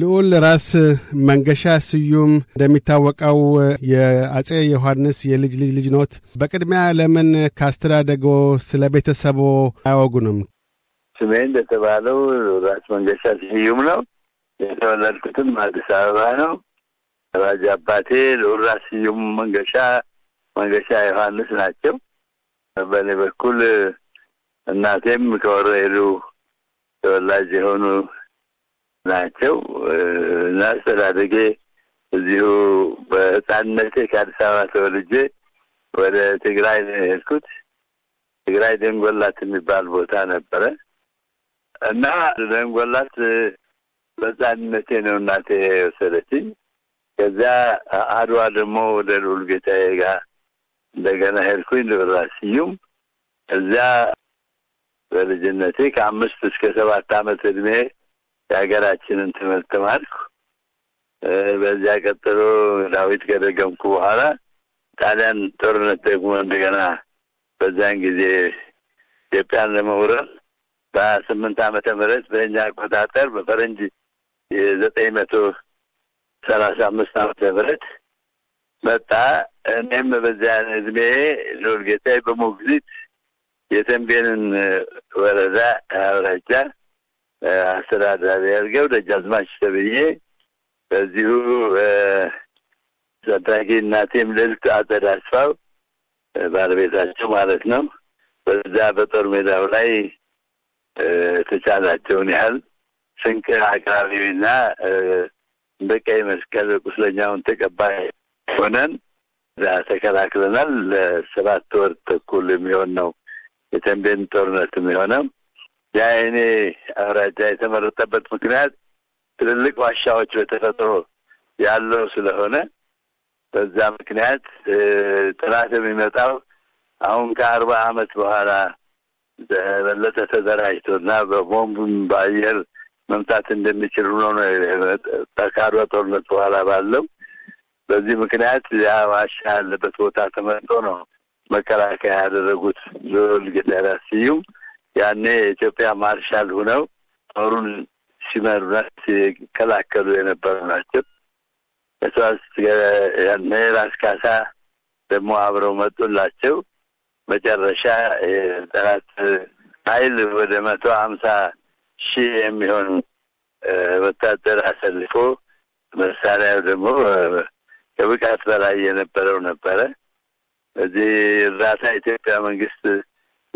ልዑል ራስ መንገሻ ስዩም እንደሚታወቀው የአጼ ዮሐንስ የልጅ ልጅ ልጅ ኖት። በቅድሚያ ለምን ካስተዳደጎ ስለ ቤተሰቦ አያወጉንም? ስሜ እንደተባለው ራስ መንገሻ ስዩም ነው። የተወለድኩትም አዲስ አበባ ነው። ራጅ አባቴ ልዑል ራስ ስዩም መንገሻ መንገሻ ዮሐንስ ናቸው። በእኔ በኩል እናቴም ከወረኢሉ ተወላጅ የሆኑ ናቸው እና አስተዳደጌ እዚሁ በህፃንነቴ ከአዲስ አበባ ተወልጄ ወደ ትግራይ ነው የሄድኩት። ትግራይ ደንጎላት የሚባል ቦታ ነበረ እና ደንጎላት በህፃንነቴ ነው እናቴ የወሰደችኝ። ከዚያ አድዋ ደግሞ ወደ ልዑል ጌታዬ ጋር እንደገና ሄድኩኝ ልብራ ስዩም እዚያ በልጅነቴ ከአምስት እስከ ሰባት አመት እድሜ የሀገራችንን ትምህርት ተማርኩ። በዚያ ቀጥሎ ዳዊት ከደገምኩ በኋላ ጣሊያን ጦርነት ደግሞ እንደገና በዚያን ጊዜ ኢትዮጵያን ለመውረር በስምንት አመተ ዓመተ ምህረት በእኛ አቆጣጠር በፈረንጅ የዘጠኝ መቶ ሰላሳ አምስት ዓመተ ምህረት መጣ። እኔም በዚያን እድሜ ሎልጌታ በሞግዚት የተንቤንን ወረዳ አውራጃ አስተዳዳሪ ያድርገው ደጃዝማች ተብዬ በዚሁ ታዳጊ እናቴም ልዕልት አጸዳስፋው ባለቤታቸው ማለት ነው። በዛ በጦር ሜዳው ላይ ተቻላቸውን ያህል ስንቅ አቅራቢና በቀይ መስቀል ቁስለኛውን ተቀባይ ሆነን ተከላክለናል። ለሰባት ወር ተኩል የሚሆን ነው የተንቤን ጦርነት የሚሆነው። የአይኔ አውራጃ የተመረጠበት ምክንያት ትልልቅ ዋሻዎች በተፈጥሮ ያለው ስለሆነ በዛ ምክንያት ጥናት የሚመጣው አሁን ከአርባ አመት በኋላ በበለጠ ተደራጅቶ እና በቦምብም በአየር መምታት እንደሚችል ሆኖ ነው ከአድዋ ጦርነት በኋላ ባለው በዚህ ምክንያት ያ ዋሻ ያለበት ቦታ ተመርጦ ነው መከላከያ ያደረጉት ዞል ጌታዳ ስዩም ያኔ የኢትዮጵያ ማርሻል ሁነው ጦሩን ሲመሩና ሲከላከሉ የነበሩ ናቸው። እሷስ ያኔ ራስ ካሳ ደግሞ አብረው መጡላቸው። መጨረሻ የጠላት ኃይል ወደ መቶ ሀምሳ ሺህ የሚሆን ወታደር አሰልፎ መሳሪያው ደግሞ ከብቃት በላይ የነበረው ነበረ። በዚህ እርዳታ ኢትዮጵያ መንግስት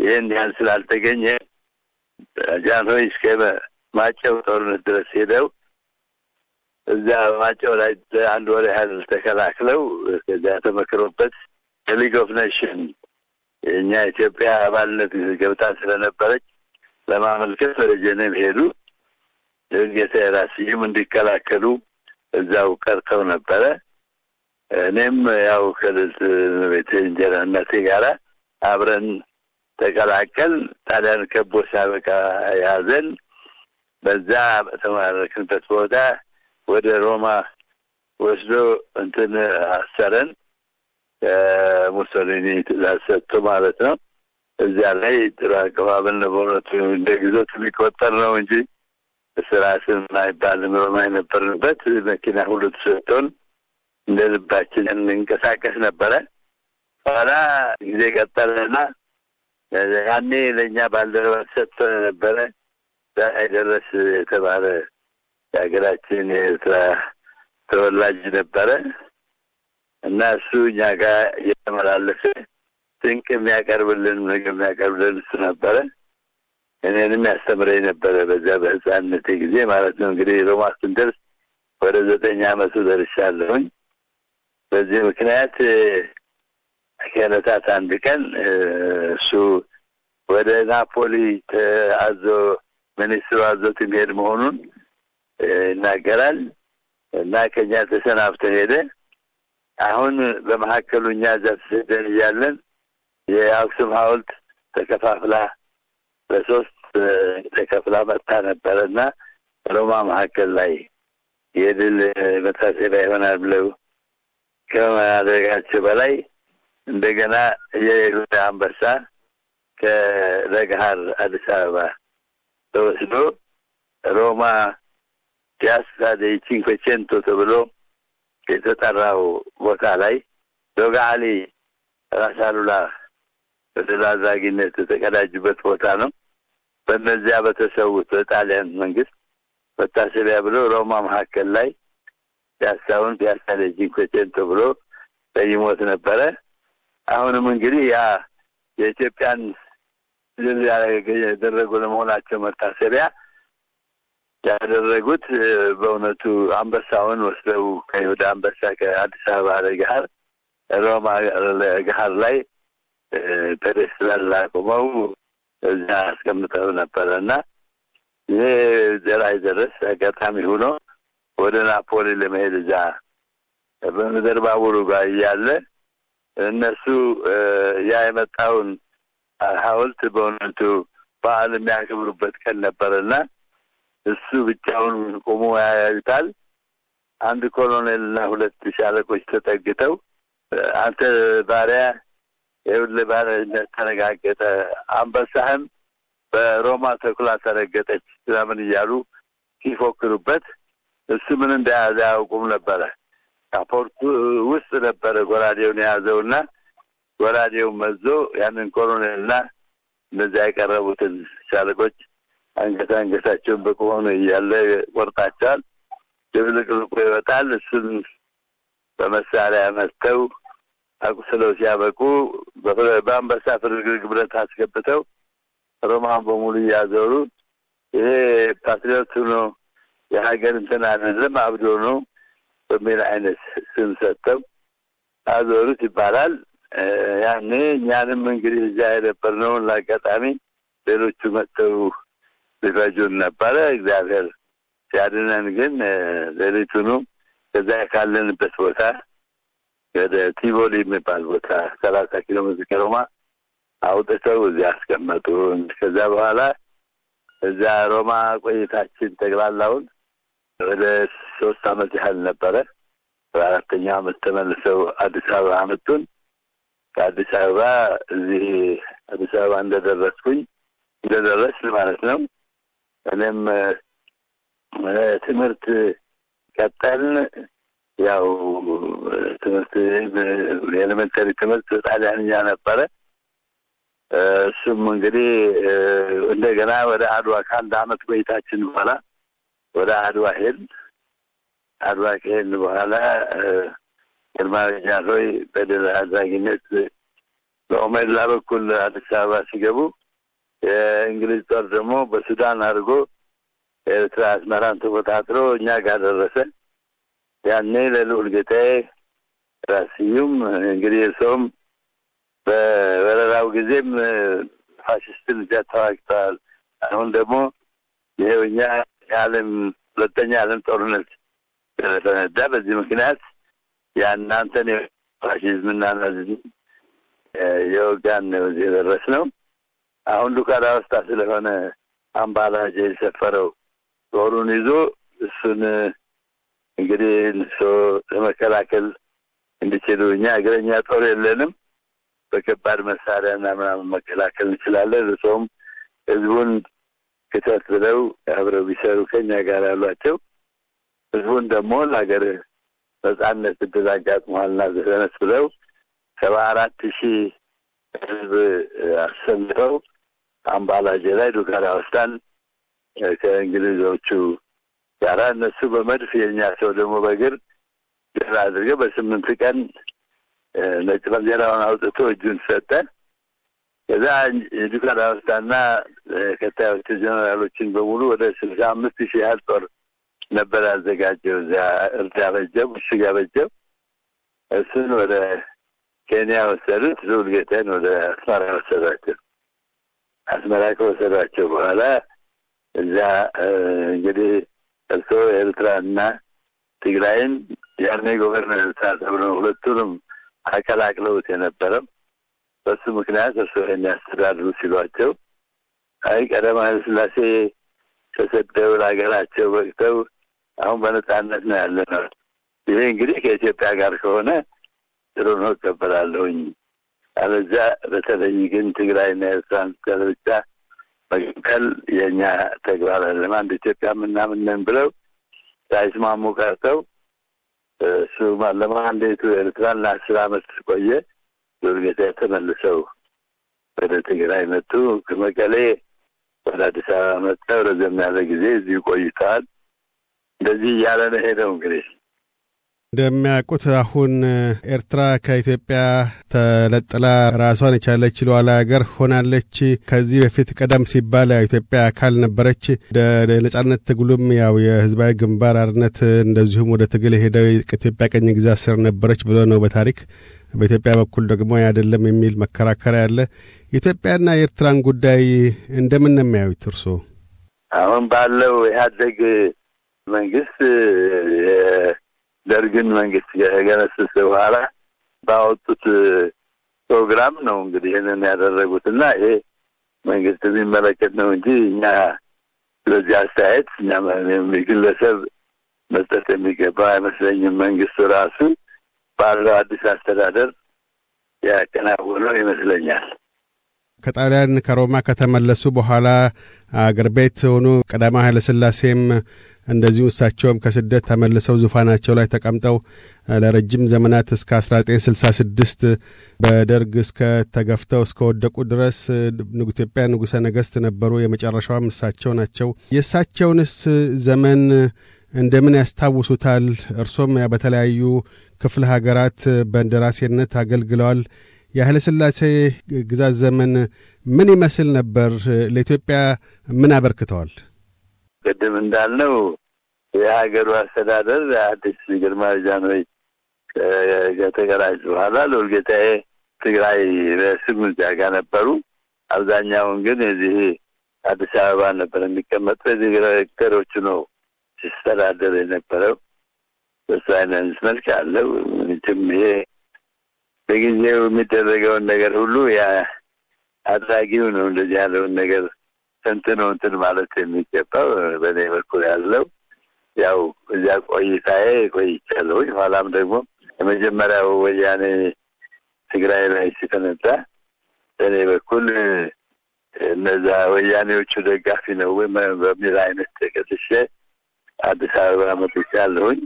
ይህን ያህል ስላልተገኘ ጃንሆይ እስከ ማጨው ጦርነት ድረስ ሄደው እዛ ማጨው ላይ አንድ ወር ያህል ተከላክለው ከዚያ ተመክሮበት ከሊግ ኦፍ ኔሽን እኛ ኢትዮጵያ አባልነት ገብታ ስለነበረች ለማመልከት ወደ ጀኔቭ ሄዱ። ድንገት ራስዬም እንዲከላከሉ እዛው ቀርተው ነበረ። እኔም ያው ከልት ቤት እንጀራ እናቴ ጋራ አብረን ተቀላቀል ጣሊያን ከቦ ሲያበቃ ያዘን። በዛ በተማረክንበት ቦታ ወደ ሮማ ወስዶ እንትን አሰረን። ሙሶሊኒ ትእዛዝ ሰጥቶ ማለት ነው። እዚያ ላይ ጥሩ አቀባበል ነበሮት። እንደ ግዞት የሚቆጠር ነው እንጂ ስራስን አይባልም። ሮማ የነበርንበት መኪና ሁሉ ተሰጥቶን እንደ ልባችን እንንቀሳቀስ ነበረ። ኋላ ጊዜ ቀጠለና ያኔ ለእኛ ባልደረባ ሰጥቶ ነበረ። ዛሬ ደረስ የተባለ የሀገራችን የኤርትራ ተወላጅ ነበረ እና እሱ እኛ ጋር እየተመላለሰ ድንቅ የሚያቀርብልን ምግብ የሚያቀርብልን እሱ ነበረ። እኔንም ያስተምረኝ ነበረ በዚያ በህፃንነት ጊዜ ማለት ነው። እንግዲህ ሮማ ስንደርስ ወደ ዘጠኝ አመቱ ደርሻለሁኝ። በዚህ ምክንያት ከዕለታት አንድ ቀን እሱ ወደ ናፖሊ ተአዞ ሚኒስትሩ አዞት የሚሄድ መሆኑን ይናገራል እና ከኛ ተሰናብተ ሄደ። አሁን በመካከሉ እኛ እዛ ተሰደን እያለን የአክሱም ሐውልት ተከፋፍላ በሶስት ተከፍላ መታ ነበረ እና ሮማ መካከል ላይ የድል መታሰቢያ ይሆናል ብለው ከማድረጋቸው በላይ እንደገና የሉላ አንበሳ ከረግሀር አዲስ አበባ ተወስዶ ሮማ ፒያሳ ዴ ቺንኮቼንቶ ተብሎ የተጠራው ቦታ ላይ ዶጋሊ ራስ አሉላ በድል አድራጊነት የተቀዳጁበት ቦታ ነው። በነዚያ በተሰዉት በጣሊያን መንግስት መታሰቢያ ብሎ ሮማ መካከል ላይ ፒያሳውን ፒያሳ ዴ ቺንኮቼንቶ ብሎ ሰይሞት ነበረ። አሁንም እንግዲህ ያ የኢትዮጵያን ድል ያደረጉ ለመሆናቸው መታሰቢያ ያደረጉት በእውነቱ አንበሳውን ወስደው ከይሁዳ አንበሳ ከአዲስ አበባ ጋር ሮማ ገሀር ላይ ፔደስትራል ላይ እዚያ አስቀምጠው ነበረ እና ይህ ዘራ ደረስ አጋጣሚ ሆኖ ወደ ናፖሊ ለመሄድ እዛ በምድር ባቡሩ ጋር እያለ እነሱ ያ የመጣውን ሀውልት በእውነቱ በዓል የሚያከብሩበት ቀን ነበርና እሱ ብቻውን ቆሞ ያዩታል። አንድ ኮሎኔል እና ሁለት ሻለቆች ተጠግተው አንተ ባሪያ የሁል ባርነት ተረጋገጠ፣ አንበሳህም በሮማ ተኩላ ተረገጠች ምናምን እያሉ ሲፎክሩበት እሱ ምን እንደያዘ አያውቁም ነበረ። ካፖርቱ ውስጥ ነበረ ጎራዴውን የያዘውና ጎራዴውን መዞ ያንን ኮሎኔልና እነዚያ የቀረቡትን ሻለቆች አንገት አንገታቸውን በቁመኑ እያለ ቆርጣቸዋል። ድብልቅልቁ ይወጣል። እሱን በመሳሪያ መትተው አቁስለው ሲያበቁ በአንበሳ ፍርግርግ ብረት አስገብተው ሮማን በሙሉ እያዞሩ ይሄ ፓትሪዮት ነው የሀገር እንትን አይደለም አብዶ ነው በሚል አይነት ስም ሰጠው አዞሩት ይባላል። ያን እኛንም እንግዲህ እዚያ የነበርነውን ለአጋጣሚ ሌሎቹ መጥተው ሊፈጁን ነበረ። እግዚአብሔር ሲያድነን ግን ሌሊቱኑ ከዛ ካለንበት ቦታ ወደ ቲቦሊ የሚባል ቦታ ሰላሳ ኪሎ ሜትር ከሮማ አውጥተው እዚያ አስቀመጡን። ከዛ በኋላ እዚያ ሮማ ቆይታችን ጠቅላላውን ወደ ሶስት አመት ያህል ነበረ። በአራተኛ አመት ተመልሰው አዲስ አበባ አመቱን ከአዲስ አበባ እዚህ አዲስ አበባ እንደደረስኩኝ እንደደረስ ማለት ነው። እኔም ትምህርት ቀጠልን። ያው ትምህርት የኤሌመንተሪ ትምህርት ጣሊያንኛ ነበረ። እሱም እንግዲህ እንደገና ወደ አድዋ ከአንድ አመት ቆይታችን በኋላ ወደ አድዋ ሄድ አድዋ ከሄድን በኋላ ግርማዊ ጃንሆይ በድል አድራጊነት በኦሜድላ በኩል አዲስ አበባ ሲገቡ የእንግሊዝ ጦር ደግሞ በሱዳን አድርጎ ኤርትራ አስመራን ተቆጣጥሮ እኛ ጋር ደረሰ። ያኔ ለልዑል ጌታዬ ራስዩም እንግዲህ ሰውም በወረራው ጊዜም ፋሽስትን እጃ ተዋግተዋል። አሁን ደግሞ ይሄው እኛ የዓለም ሁለተኛ የዓለም ጦርነት ስለፈነዳ በዚህ ምክንያት የእናንተን ፋሽዝምና ናዚዝም የወጋን ነው የደረስ ነው። አሁን ዱካዳ ውስጣ ስለሆነ አምባላጅ የሰፈረው ጦሩን ይዞ እሱን እንግዲህ ልሶ ለመከላከል እንዲችሉ እኛ እግረኛ ጦር የለንም። በከባድ መሳሪያ እና ምናምን መከላከል እንችላለን። እርሶም ህዝቡን ክተት ብለው አብረው ቢሰሩ ከኛ ጋር ያሏቸው ህዝቡን ደግሞ ለሀገር ነጻነት እድል አጋጥሞሃልና ዘነት ብለው ሰባ አራት ሺህ ህዝብ አሰልፈው አምባላጄ ላይ ዱጋራ ወስዳን ከእንግሊዞቹ ጋራ እነሱ በመድፍ የኛ ሰው ደግሞ በእግር ድል አድርገ በስምንት ቀን ነጭ ባንዲራውን አውጥቶ እጁን ሰጠ። ከዛ ዱጋራ ወስዳና ከታዮቹ ጀነራሎችን በሙሉ ወደ ስልሳ አምስት ሺህ ያህል ጦር ነበር ያዘጋጀው። እዚያ እርድ አበጀው፣ ምሽግ አበጀው። እሱን ወደ ኬንያ ወሰዱት። ልዑል ጌታን ወደ አስመራ ወሰዷቸው። አስመራ ከወሰዷቸው በኋላ እዚያ እንግዲህ እርሶ ኤርትራና ትግራይን ያኔ ጎቨርነር ሳ ተብሎ ሁለቱንም አቀላቅለውት የነበረም በሱ ምክንያት እርሶ ያስተዳድሩ ሲሏቸው አይ ቀደም ኃይለ ሥላሴ ተሰደው ለሀገራቸው በቅተው አሁን በነፃነት ነው ያለ ነው። ይሄ እንግዲህ ከኢትዮጵያ ጋር ከሆነ ጥሩ ነው እቀበላለሁኝ። አለዚያ በተለይ ግን ትግራይና ኤርትራን ስለብቻ መቀጠል የእኛ ተግባር አይደለም። አንድ ኢትዮጵያ ምናምን ብለው ሳይስማሙ ቀርተው እሱ ለማንዴቱ ኤርትራን ለአስር አመት ቆየ። ዶርጌታ ተመልሰው ወደ ትግራይ መጡ። መቀሌ ወደ አዲስ አበባ መጣ። ረዘም ያለ ጊዜ እዚሁ ቆይተዋል። እንደዚህ እያለ ነው ሄደው እንግዲህ እንደሚያውቁት አሁን ኤርትራ ከኢትዮጵያ ተለጥላ ራሷን የቻለች ሉዓላዊ ሀገር ሆናለች። ከዚህ በፊት ቀደም ሲባል ያው ኢትዮጵያ አካል ነበረች። ነጻነት ትግሉም ያው የህዝባዊ ግንባር አርነት እንደዚሁም ወደ ትግል ሄደው ኢትዮጵያ ቀኝ ግዛት ስር ነበረች ብሎ ነው በታሪክ በኢትዮጵያ በኩል ደግሞ አይደለም የሚል መከራከሪያ አለ። የኢትዮጵያና የኤርትራን ጉዳይ እንደምን ነው የሚያዩት እርስዎ? አሁን ባለው ኢህአዴግ መንግስት የደርግን መንግስት ከገነሰሰ በኋላ ባወጡት ፕሮግራም ነው እንግዲህ ይህንን ያደረጉት እና ይሄ መንግስት የሚመለከት ነው እንጂ እኛ ስለዚህ አስተያየት እኛ ግለሰብ መስጠት የሚገባ አይመስለኝም። መንግስቱ ራሱ ባለው አዲስ አስተዳደር ያከናወነው ይመስለኛል። ከጣሊያን ከሮማ ከተመለሱ በኋላ አገር ቤት ሆኑ ቀዳማዊ ኃይለ ሥላሴም እንደዚሁ እሳቸውም ከስደት ተመልሰው ዙፋናቸው ላይ ተቀምጠው ለረጅም ዘመናት እስከ 1966 በደርግ እስከ ተገፍተው እስከ ወደቁ ድረስ ኢትዮጵያ ንጉሠ ነገሥት ነበሩ። የመጨረሻዋም እሳቸው ናቸው። የእሳቸውንስ ዘመን እንደምን ያስታውሱታል? እርሶም በተለያዩ ክፍለ ሀገራት በእንደራሴነት አገልግለዋል። የኃይለ ሥላሴ ግዛት ዘመን ምን ይመስል ነበር? ለኢትዮጵያ ምን አበርክተዋል? ቅድም እንዳልነው የሀገሩ አስተዳደር አዲስ ግርማ ጃንሆይ ከተቀራጭ በኋላ ለወልጌታዬ ትግራይ ርዕሰ ምዚያ ጋር ነበሩ። አብዛኛውን ግን እዚህ አዲስ አበባ ነበር የሚቀመጡ የዚህ ገሮቹ ነው ሲስተዳደር የነበረው በሱ አይነት መልክ አለው። ምንም ይሄ በጊዜው የሚደረገውን ነገር ሁሉ ያ አድራጊው ነው እንደዚህ ያለውን ነገር ተንትኖ እንትን ማለት የሚገባው። በእኔ በኩል ያለው ያው እዚያ ቆይታዬ ቆይቻለሁ። ኋላም ደግሞ የመጀመሪያው ወያኔ ትግራይ ላይ ሲፈነዳ በእኔ በኩል እነዛ ወያኔዎቹ ደጋፊ ነው በሚል አይነት ተቀስሼ አዲስ አበባ መጥቻለሁኝ።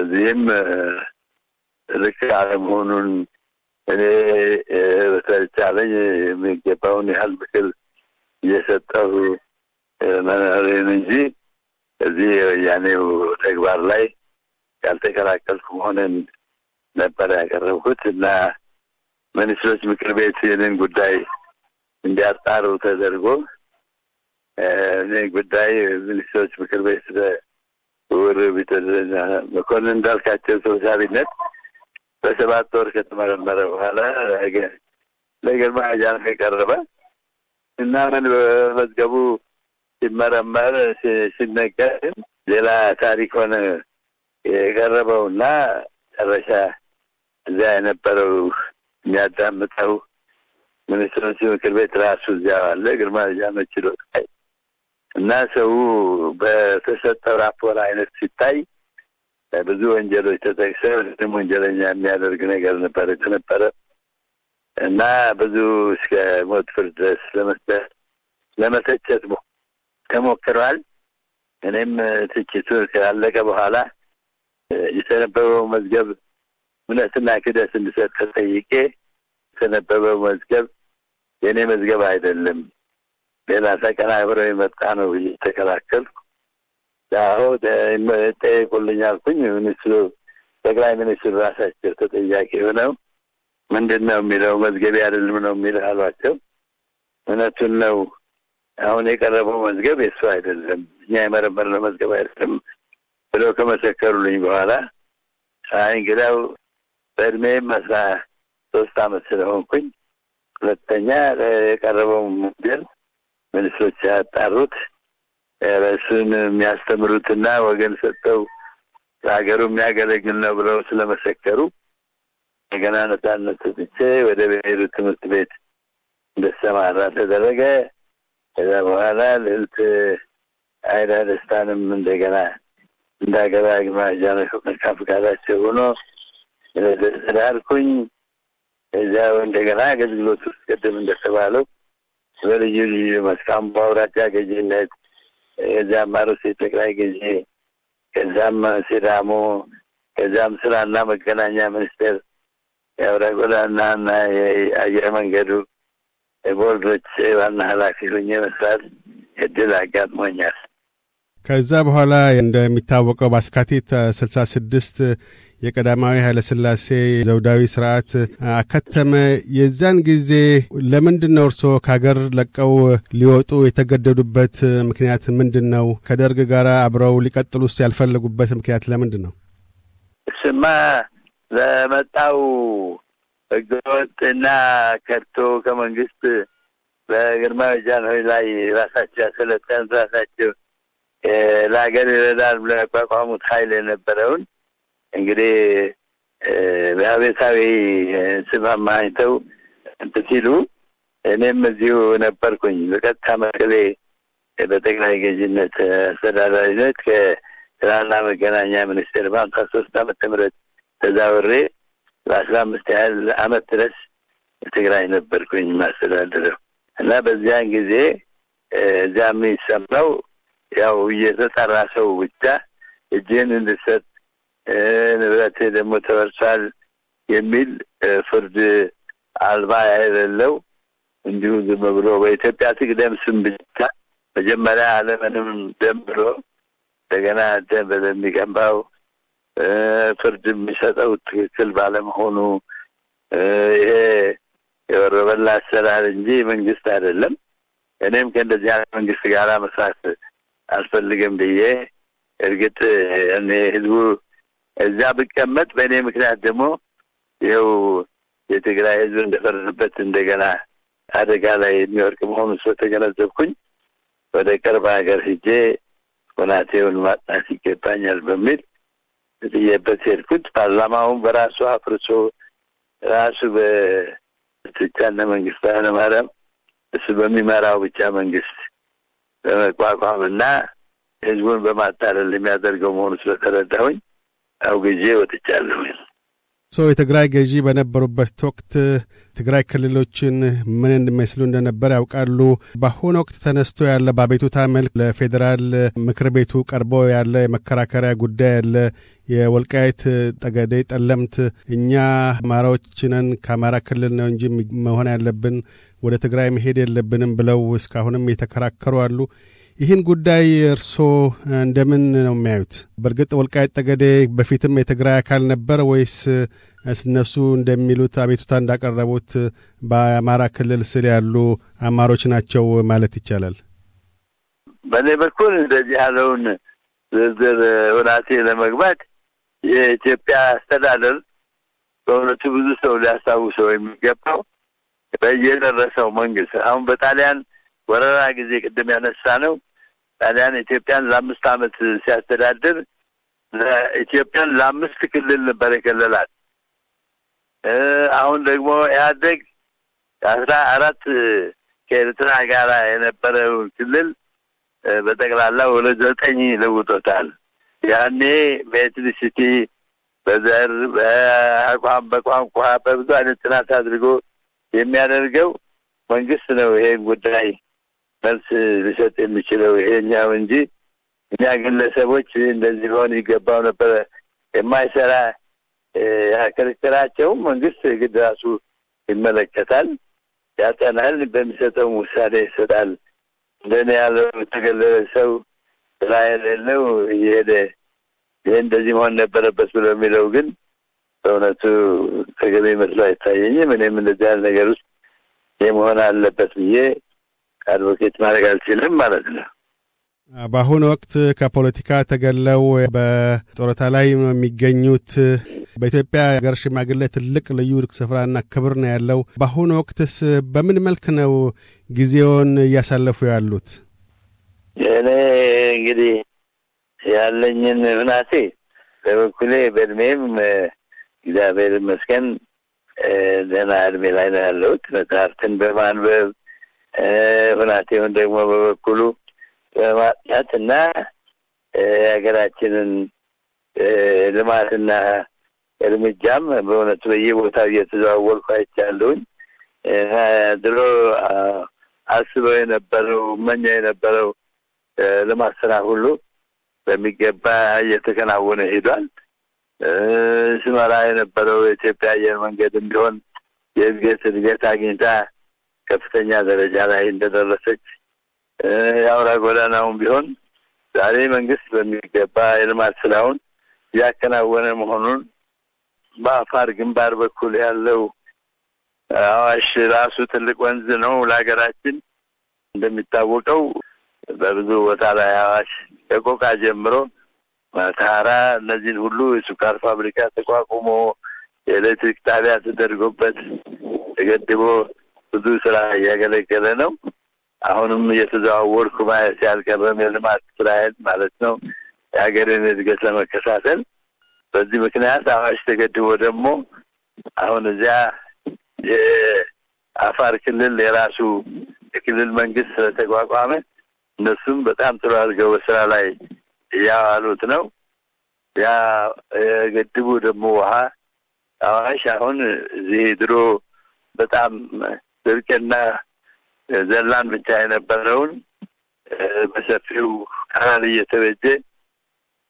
እዚህም ልክ አለመሆኑን እኔ በተቻለኝ የሚገባውን ያህል ምክር እየሰጠሁ መኖሬን እንጂ እዚህ የወያኔው ተግባር ላይ ያልተቀላቀልኩ መሆንን ነበር ያቀረብኩት እና ሚኒስትሮች ምክር ቤት ይህንን ጉዳይ እንዲያጣሩ ተደርጎ እኔ ጉዳይ ሚኒስትሮች ምክር ቤት ስለ ውር ቢተዝና መኮንን እንዳልካቸው ሰብሳቢነት በሰባት ወር ከተመረመረ በኋላ ለግርማ አጃን ቀረበ እና ምን በመዝገቡ ሲመረመር ሲነገር ሌላ ታሪክ ሆነ የቀረበው እና ጨረሻ እዚያ የነበረው የሚያዳምጠው ሚኒስትሮች ምክር ቤት ራሱ እዚያ አለ ግርማ አጃኖች ችሎት ላይ እና ሰው በተሰጠው ራፖር አይነት ሲታይ ብዙ ወንጀሎች ተጠቅሰ ስም ወንጀለኛ የሚያደርግ ነገር ነበር የተነበረ እና ብዙ እስከ ሞት ፍርድ ድረስ ለመስጠት ለመተቸት ተሞክረዋል። እኔም ትችቱ ካለቀ በኋላ የተነበበው መዝገብ እውነትና ክደት እንድሰጥ ተጠይቄ የተነበበው መዝገብ የእኔ መዝገብ አይደለም ሌላ ተቀናብረው የመጣ ነው ብዬ ተከላከልኩ። ያው ጠየቁልኝ አልኩኝ። ሚኒስትሩ ጠቅላይ ሚኒስትሩ ራሳቸው ተጠያቂ ሆነው ምንድን ነው የሚለው መዝገብ አይደለም ነው የሚለው አሏቸው። እውነቱን ነው አሁን የቀረበው መዝገብ የሱ አይደለም፣ እኛ የመረመርነው መዝገብ አይደለም ብለው ከመሰከሩልኝ በኋላ አይ እንግዲያው በእድሜም ሶስት አመት ስለሆንኩኝ ሁለተኛ የቀረበው ሞዴል መልሶች ያጣሩት ርዕሱን የሚያስተምሩትና ወገን ሰጠው ለሀገሩ የሚያገለግል ነው ብለው ስለመሰከሩ እንደገና ነጻነት ትቼ ወደ ብሄሩ ትምህርት ቤት እንደሰማራ ተደረገ። ከዛ በኋላ ልዕልት አይዳ ደስታንም እንደገና እንደ ሀገር አግማጃ መልካም ፈቃዳቸው ሆኖ ስላልኩኝ እዚያው እንደገና አገልግሎት ውስጥ ቅድም እንደተባለው በልዩ ልዩ መስካም በአውራጃ ገዢነት ከዚያም አርሲ ጠቅላይ ገዢ ከዛም ሲዳሞ ከዛም ስራና መገናኛ ሚኒስቴር የአውራ ጎዳናና የአየር መንገዱ የቦርዶች ዋና ኃላፊ ሁኜ መስራት እድል አጋጥሞኛል። ከዛ በኋላ እንደሚታወቀው በአስካቴት 66 የቀዳማዊ ኃይለሥላሴ ዘውዳዊ ስርዓት አከተመ። የዛን ጊዜ ለምንድን ነው እርስዎ ከሀገር ለቀው ሊወጡ የተገደዱበት ምክንያት ምንድን ነው? ከደርግ ጋር አብረው ሊቀጥሉ ውስጥ ያልፈለጉበት ምክንያት ለምንድን ነው? ስማ ለመጣው ህገወጥ እና ከቶ ከመንግስት በግርማዊ ጃንሆይ ላይ ራሳቸው ያሰለጠኑት ራሳቸው ለሀገር ይረዳል ብሎ ያቋቋሙት ሀይል የነበረውን እንግዲህ በአቤታዊ ስም አማኝተው እንትን ሲሉ እኔም እዚሁ ነበርኩኝ። በቀጥታ መቀሌ በጠቅላይ ገዥነት አስተዳዳሪነት ከስራና መገናኛ ሚኒስቴር በአምሳ ሶስት ዓመተ ምህረት ተዛውሬ በአስራ አምስት ያህል አመት ድረስ ትግራይ ነበርኩኝ ማስተዳደረው እና በዚያን ጊዜ እዚያ የሚሰማው ያው የተጠራ ሰው ብቻ እጅህን እንድሰጥ ንብረት ደግሞ ተወርሷል የሚል ፍርድ አልባ የሌለው እንዲሁ ዝም ብሎ በኢትዮጵያ ትቅደም ስም ብቻ መጀመሪያ አለምንም ደም ብሎ እንደገና ደም በሚቀንባው ፍርድ የሚሰጠው ትክክል ባለመሆኑ ይሄ የወረበላ አሰራር እንጂ መንግስት አይደለም። እኔም ከእንደዚህ አይነት መንግስት ጋር መስራት አስፈልግም ብዬ እርግጥ እኔ ህዝቡ እዛ ብቀመጥ በእኔ ምክንያት ደግሞ ይኸው የትግራይ ህዝብ እንደፈረሰበት እንደገና አደጋ ላይ የሚወርቅ መሆኑ ስለተገነዘብኩኝ ወደ ቅርብ ሀገር ሂጄ ሁናቴውን ማጥናት ይገባኛል በሚል ብዬበት ሄድኩት። ፓርላማውን በራሱ አፍርሶ ራሱ በትቻነ መንግስት ኃይለማርያም እሱ በሚመራው ብቻ መንግስት በመቋቋም እና ህዝቡን በማታለል የሚያደርገው መሆኑ ስለተረዳሁኝ አውግዤ ወጥቻለሁ። ሰው የትግራይ ገዢ በነበሩበት ወቅት ትግራይ ክልሎችን ምን እንደሚመስሉ እንደነበር ያውቃሉ። በአሁኑ ወቅት ተነስቶ ያለ በአቤቱታ መልክ ለፌዴራል ምክር ቤቱ ቀርቦ ያለ የመከራከሪያ ጉዳይ ያለ የወልቃየት ጠገዴ፣ ጠለምት እኛ አማራዎችንን ከአማራ ክልል ነው እንጂ መሆን ያለብን ወደ ትግራይ መሄድ የለብንም ብለው እስካሁንም የተከራከሩ አሉ። ይህን ጉዳይ እርስዎ እንደምን ነው የሚያዩት? በእርግጥ ወልቃይት ጠገዴ በፊትም የትግራይ አካል ነበር ወይስ እነሱ እንደሚሉት አቤቱታ እንዳቀረቡት በአማራ ክልል ስል ያሉ አማሮች ናቸው ማለት ይቻላል? በእኔ በኩል እንደዚህ ያለውን ዝርዝር ወላቴ ለመግባት የኢትዮጵያ አስተዳደር በእውነቱ ብዙ ሰው ሊያስታውሰው የሚገባው በየደረሰው መንግስት አሁን በጣሊያን ወረራ ጊዜ ቅድም ያነሳ ነው ጣሊያን ኢትዮጵያን ለአምስት ዓመት ሲያስተዳድር ለኢትዮጵያን ለአምስት ክልል ነበር የከለላት። አሁን ደግሞ ኢህአዴግ አስራ አራት ከኤርትራ ጋር የነበረው ክልል በጠቅላላ ወደ ዘጠኝ ለውጦታል። ያኔ በኤትኒሲቲ በዘር በአቋም በቋንቋ በብዙ አይነት ጥናት አድርጎ የሚያደርገው መንግስት ነው ይሄን ጉዳይ መልስ ሊሰጥ የሚችለው ይሄኛው እንጂ እኛ ግለሰቦች እንደዚህ ሆን ይገባው ነበረ የማይሰራ ክርክራቸውም መንግስት ግድ ራሱ ይመለከታል፣ ያጠናል፣ በሚሰጠውም ውሳኔ ይሰጣል። እንደኔ ያለው የተገለለ ሰው ስራ የሌለው እየሄደ ይህ እንደዚህ መሆን ነበረበት ብሎ የሚለው ግን በእውነቱ ተገቢ መስሎ አይታየኝም። እኔም እንደዚህ ያለ ነገር ውስጥ የመሆን አለበት ብዬ አድቮኬት ማድረግ አልችልም ማለት ነው። በአሁኑ ወቅት ከፖለቲካ ተገለው በጡረታ ላይ የሚገኙት በኢትዮጵያ ሀገር ሽማግሌ ትልቅ ልዩ ስፍራና ክብር ነው ያለው። በአሁኑ ወቅትስ በምን መልክ ነው ጊዜውን እያሳለፉ ያሉት? እኔ እንግዲህ ያለኝን ህናቴ በበኩሌ በእድሜም እግዚአብሔር ይመስገን ደህና እድሜ ላይ ነው ያለሁት። መጽሐፍትን በማንበብ ብላቴውን ደግሞ በበኩሉ በማጥናት እና የሀገራችንን ልማትና እርምጃም በእውነቱ በየቦታው እየተዘዋወርኩ አይቻለሁኝ። ድሮ አስበው የነበረው መኛ የነበረው ልማት ስራ ሁሉ በሚገባ እየተከናወነ ሄዷል። ስመራ የነበረው የኢትዮጵያ አየር መንገድ እንዲሆን የእድገት እድገት አግኝታ ከፍተኛ ደረጃ ላይ እንደደረሰች የአውራ ጎዳናውን ቢሆን ዛሬ መንግስት በሚገባ የልማት ስራውን እያከናወነ መሆኑን በአፋር ግንባር በኩል ያለው አዋሽ ራሱ ትልቅ ወንዝ ነው ለሀገራችን። እንደሚታወቀው በብዙ ቦታ ላይ አዋሽ ከቆቃ ጀምሮ መተሐራ፣ እነዚህን ሁሉ የሱካር ፋብሪካ ተቋቁሞ የኤሌክትሪክ ጣቢያ ተደርጎበት ተገድቦ ብዙ ስራ እያገለገለ ነው። አሁንም እየተዘዋወርኩ ማየት ያልቀረም የልማት ስራዬን ማለት ነው የሀገሬን እድገት ለመከታተል በዚህ ምክንያት አዋሽ ተገድቦ ደግሞ አሁን እዚያ የአፋር ክልል የራሱ የክልል መንግስት ስለተቋቋመ እነሱም በጣም ጥሩ አድርገው በስራ ላይ እያዋሉት ነው። ያ የገድቡ ደግሞ ውሃ አዋሽ አሁን እዚህ ድሮ በጣም ድርቅና ዘላን ብቻ የነበረውን በሰፊው ካናል እየተበጀ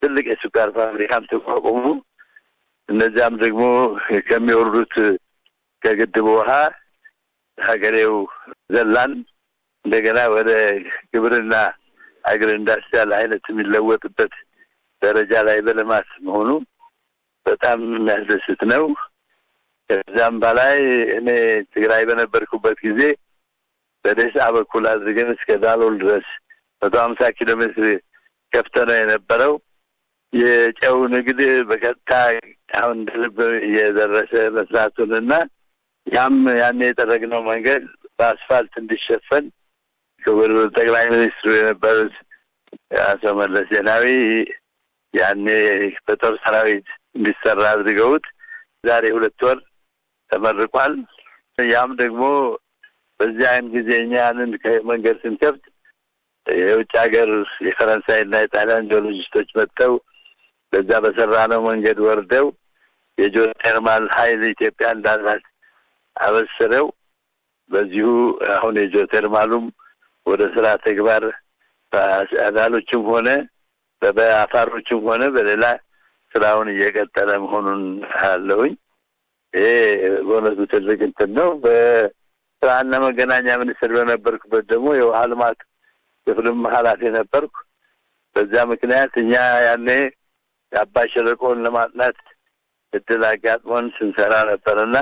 ትልቅ የስኳር ፋብሪካም ተቋቁሙ። እነዚያም ደግሞ ከሚወርዱት ከግድብ ውሃ ሀገሬው ዘላን እንደገና ወደ ግብርና አግር ኢንዳስትሪያል አይነት የሚለወጥበት ደረጃ ላይ በልማት መሆኑ በጣም የሚያስደስት ነው። ከዚያም በላይ እኔ ትግራይ በነበርኩበት ጊዜ በደሳ በኩል አድርገን እስከ ዳሎል ድረስ መቶ ሀምሳ ኪሎ ሜትር ከፍተ ነው የነበረው። የጨው ንግድ በቀጥታ አሁን እንደልብ እየደረሰ እና ያም ያኔ የጠረግነው መንገድ በአስፋልት እንዲሸፈን ክቡር ጠቅላይ ሚኒስትሩ የነበሩት አቶ መለስ ዜናዊ ያኔ በጦር ሰራዊት እንዲሰራ አድርገውት ዛሬ ሁለት ወር ተመርቋል። ያም ደግሞ በዚህ አይን ጊዜ እኛ ያንን መንገድ ስንከፍት የውጭ ሀገር የፈረንሳይና የጣሊያን ጂኦሎጂስቶች መጥተው በዛ በሰራነው መንገድ ወርደው የጂኦቴርማል ኃይል ኢትዮጵያ እንዳላት አበስረው በዚሁ አሁን የጂኦቴርማሉም ወደ ስራ ተግባር በአዳሎችም ሆነ በአፋሮችም ሆነ በሌላ ስራውን እየቀጠለ መሆኑን አለውኝ። ይሄ በእውነቱ ትልቅ እንትን ነው። በስራና መገናኛ ሚኒስትር በነበርኩበት ደግሞ የውሃ ልማት ክፍልም ኃላፊ ነበርኩ። በዚያ ምክንያት እኛ ያኔ የአባይ ሸለቆን ለማጥናት እድል አጋጥሞን ስንሰራ ነበርና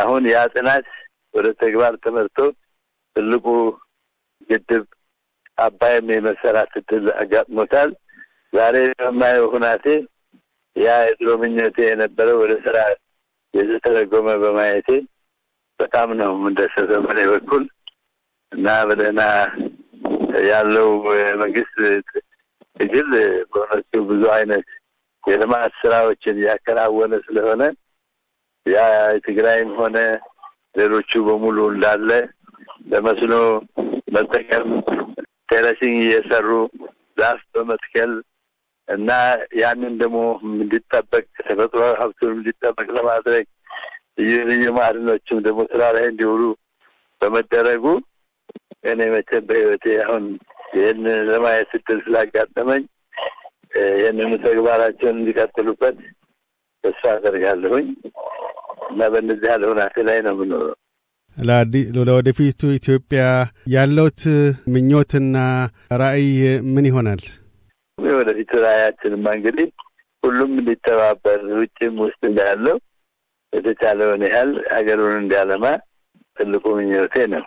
አሁን ያ ጥናት ወደ ተግባር ተመርቶ ትልቁ ግድብ አባይም የመሰራት እድል አጋጥሞታል። ዛሬ በማየው ሁናቴ ያ የድሮ ምኞቴ የነበረው ወደ ስራ የተተረጎመ በማየቴ በጣም ነው የምንደሰተ በኔ በኩል እና በደህና ያለው የመንግስት እግል በእውነቱ ብዙ አይነት የልማት ስራዎችን ያከናወነ ስለሆነ ያ የትግራይም ሆነ ሌሎቹ በሙሉ እንዳለ ለመስኖ መጠቀም ቴረሲንግ እየሰሩ ዛፍ በመትከል እና ያንን ደግሞ እንዲጠበቅ ተፈጥሮ ሀብቱን እንዲጠበቅ ለማድረግ ልዩ ልዩ ማዕድኖችም ደግሞ ስራ ላይ እንዲውሉ በመደረጉ እኔ መቼም በህይወቴ አሁን ይህን ለማየት ስድል ስላጋጠመኝ ይህንኑ ተግባራቸውን እንዲቀጥሉበት ተስፋ አደርጋለሁኝ እና በእነዚህ ያለ ሁናቴ ላይ ነው የምኖረው። ለወደፊቱ ኢትዮጵያ ያለውት ምኞትና ራዕይ ምን ይሆናል? የወደፊት ራያችንማ እንግዲህ ሁሉም እንዲተባበር ውጭም ውስጥ እንዳለው የተቻለውን ያህል ሀገሩን እንዲያለማ ትልቁ ምኞቴ ነው።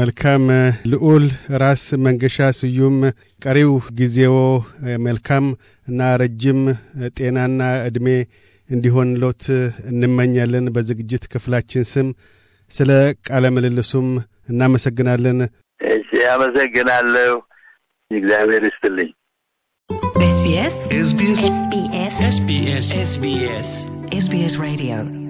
መልካም ልዑል ራስ መንገሻ ስዩም፣ ቀሪው ጊዜዎ መልካም እና ረጅም ጤናና እድሜ እንዲሆን ሎት እንመኛለን። በዝግጅት ክፍላችን ስም ስለ ቃለ ምልልሱም እናመሰግናለን። እሺ፣ አመሰግናለሁ። እግዚአብሔር ይስጥልኝ። SBS SBS SBS SBS SBS SBS Radio